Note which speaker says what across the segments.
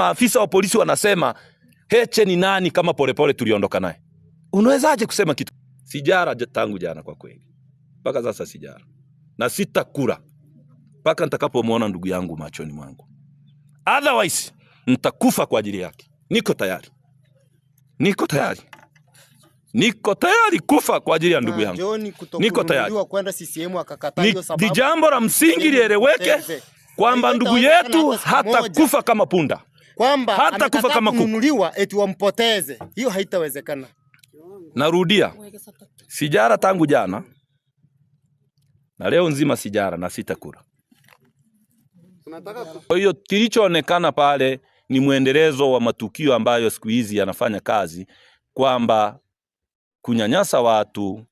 Speaker 1: maafisa wa polisi wanasema Heche ni nani kama Polepole tuliondoka naye? Unawezaje kusema kitu?
Speaker 2: Sijara tangu jana kwa kweli, mpaka sasa sijara na sitakula mpaka nitakapomwona ndugu yangu machoni mwangu, otherwise nitakufa kwa ajili yake. Niko tayari, niko tayari, niko tayari kufa kwa ajili ya ndugu yangu, niko tayari. Ni jambo la msingi lieleweke kwamba ndugu yetu hatakufa kama punda kwamba hata kufa kama
Speaker 3: kununuliwa eti wampoteze, hiyo haitawezekana.
Speaker 2: Narudia, sijara tangu jana na leo nzima sijara na sitakula. Kwa hiyo kilichoonekana pale ni mwendelezo wa matukio ambayo siku hizi yanafanya kazi kwamba kunyanyasa watu,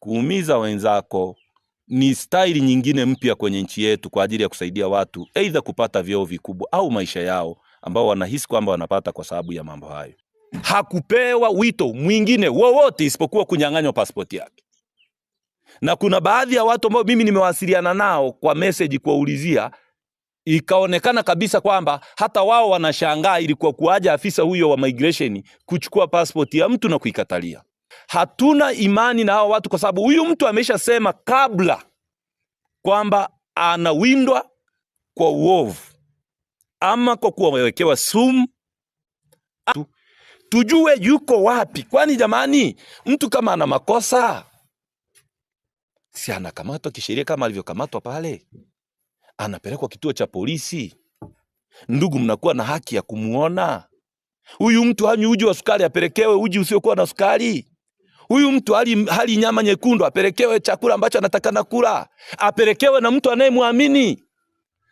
Speaker 2: kuumiza wenzako ni staili nyingine mpya kwenye nchi yetu kwa ajili ya kusaidia watu aidha kupata vyeo vikubwa au maisha yao ambao wanahisi kwamba wanapata kwa sababu ya mambo hayo. Hakupewa wito mwingine wowote isipokuwa kunyang'anywa pasipoti yake. Na kuna baadhi ya watu ambao mimi nimewasiliana nao kwa meseji kuwaulizia, ikaonekana kabisa kwamba hata wao wanashangaa ilikuwa kuaja afisa huyo wa migration kuchukua pasipoti ya mtu na kuikatalia. Hatuna imani na hao watu, kwa sababu huyu mtu ameshasema kabla kwamba anawindwa kwa uovu ama kwa kuwa wamewekewa sumu, ah, tujue yuko wapi. Kwani jamani, mtu kama ana makosa si anakamatwa kisheria kama alivyokamatwa pale, anapelekwa kituo cha polisi. Ndugu, mnakuwa na haki ya kumuona huyu mtu hanywi uji wa sukari, apelekewe uji usiokuwa na sukari. Huyu mtu hali, hali nyama nyekundu, apelekewe chakula ambacho anatakana kula, apelekewe na mtu anayemwamini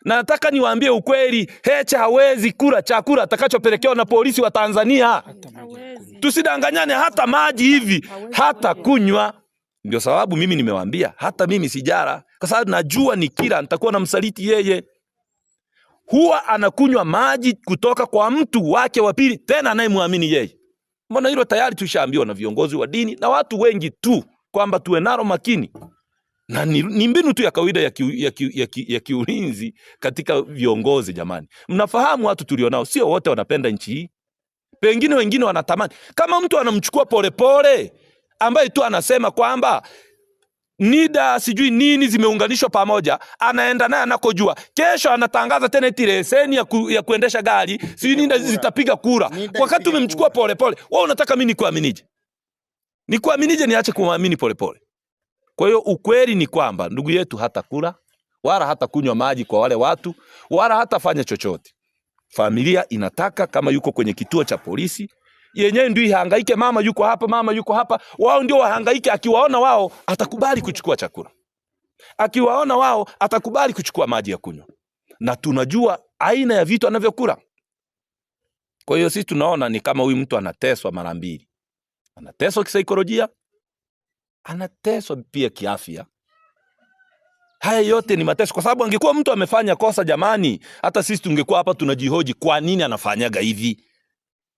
Speaker 2: na nataka niwaambie ukweli, Heche hawezi kula chakula atakachopelekewa na polisi wa Tanzania. Tusidanganyane, hata maji hivi hata kunywa. Ndio sababu mimi nimewambia, hata mimi sijara, kwa sababu najua ni kila nitakuwa na msaliti yeye. Huwa anakunywa maji kutoka kwa mtu wake wa pili, tena anayemwamini yeye. Mbona hilo tayari tushaambiwa na viongozi wa dini na watu wengi tu kwamba tuwe nalo makini na ni, ni mbinu tu ya kawaida ya, ki, ya, ki, ya, ki, ya kiulinzi katika viongozi jamani. Mnafahamu watu tulionao, sio wote wanapenda nchi hii, pengine wengine wanatamani. Kama mtu anamchukua Polepole ambaye tu anasema kwamba NIDA sijui nini zimeunganishwa pamoja, anaenda naye anakojua. Kesho anatangaza tena eti leseni ya, ku, ya kuendesha gari sijui NIDA zitapiga kura, wakati umemchukua Polepole. Wewe unataka mimi nikuaminije? Nikuaminije niache kumwamini Polepole? Kwa hiyo ukweli ni kwamba ndugu yetu hata kula wala hata kunywa maji kwa wale watu wala hata fanya chochote. Familia inataka kama yuko kwenye kituo cha polisi yenyewe ndio ihangaike, mama yuko hapa, mama yuko hapa, wao ndio wahangaike. Akiwaona wao atakubali kuchukua chakula, akiwaona wao atakubali kuchukua maji ya kunywa, na tunajua aina ya vitu anavyokula. Kwa hiyo sisi tunaona ni kama huyu mtu anateswa mara mbili, anateswa kisaikolojia, anateswa pia kiafya. Haya yote ni mateso, kwa sababu angekuwa mtu amefanya kosa, jamani, hata sisi tungekuwa hapa tunajihoji kwa nini anafanyaga hivi.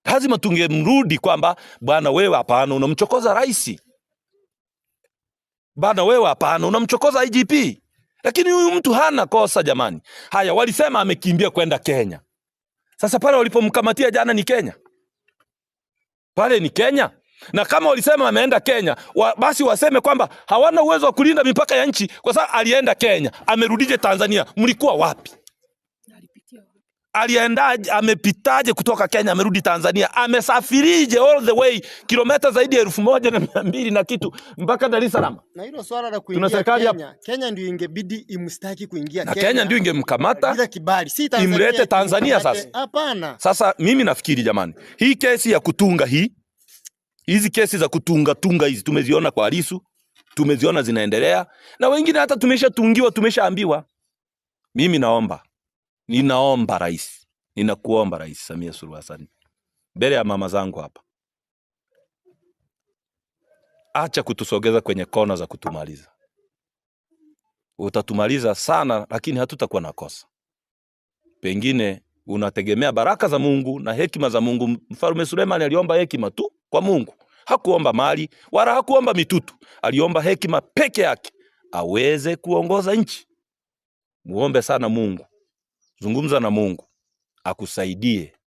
Speaker 2: Lazima tungemrudi kwamba bwana, wewe hapana, unamchokoza rais, bwana, wewe hapana, unamchokoza IGP. Lakini huyu mtu hana kosa jamani. Haya, walisema amekimbia kwenda Kenya. Sasa pale walipomkamatia jana ni Kenya, pale ni Kenya na kama walisema ameenda Kenya wa, basi waseme kwamba hawana uwezo wa kulinda mipaka ya nchi kwa sababu alienda Kenya, amerudije Tanzania? Mlikuwa wapi? Aliendaje? Amepitaje kutoka Kenya amerudi Tanzania? Amesafirije all the way kilomita zaidi ya elfu moja na mia mbili na kitu mpaka Dar es Salaam?
Speaker 4: Na hilo swala la kuingia Kenya, Kenya ndio ingebidi imstaki kuingia Kenya,
Speaker 2: na Kenya ndio ingemkamata bila kibali, si Tanzania imlete Tanzania. Sasa hapana. Sasa mimi nafikiri jamani, hii kesi ya kutunga hii Hizi kesi za kutunga tunga hizi tumeziona kwa Lisu, tumeziona zinaendelea, na wengine hata tumeshatungiwa, tumeshaambiwa. Mimi naomba, ninaomba rais, ninakuomba Rais Samia Suluhu Hassan, mbele ya mama zangu hapa, acha kutusogeza kwenye kona za kutumaliza. Utatumaliza sana, lakini hatutakuwa na kosa. Pengine unategemea baraka za Mungu na hekima za Mungu. Mfalme Sulemani aliomba hekima tu kwa Mungu hakuomba mali wala hakuomba mitutu, aliomba hekima peke yake aweze kuongoza nchi. Muombe sana Mungu, zungumza na Mungu akusaidie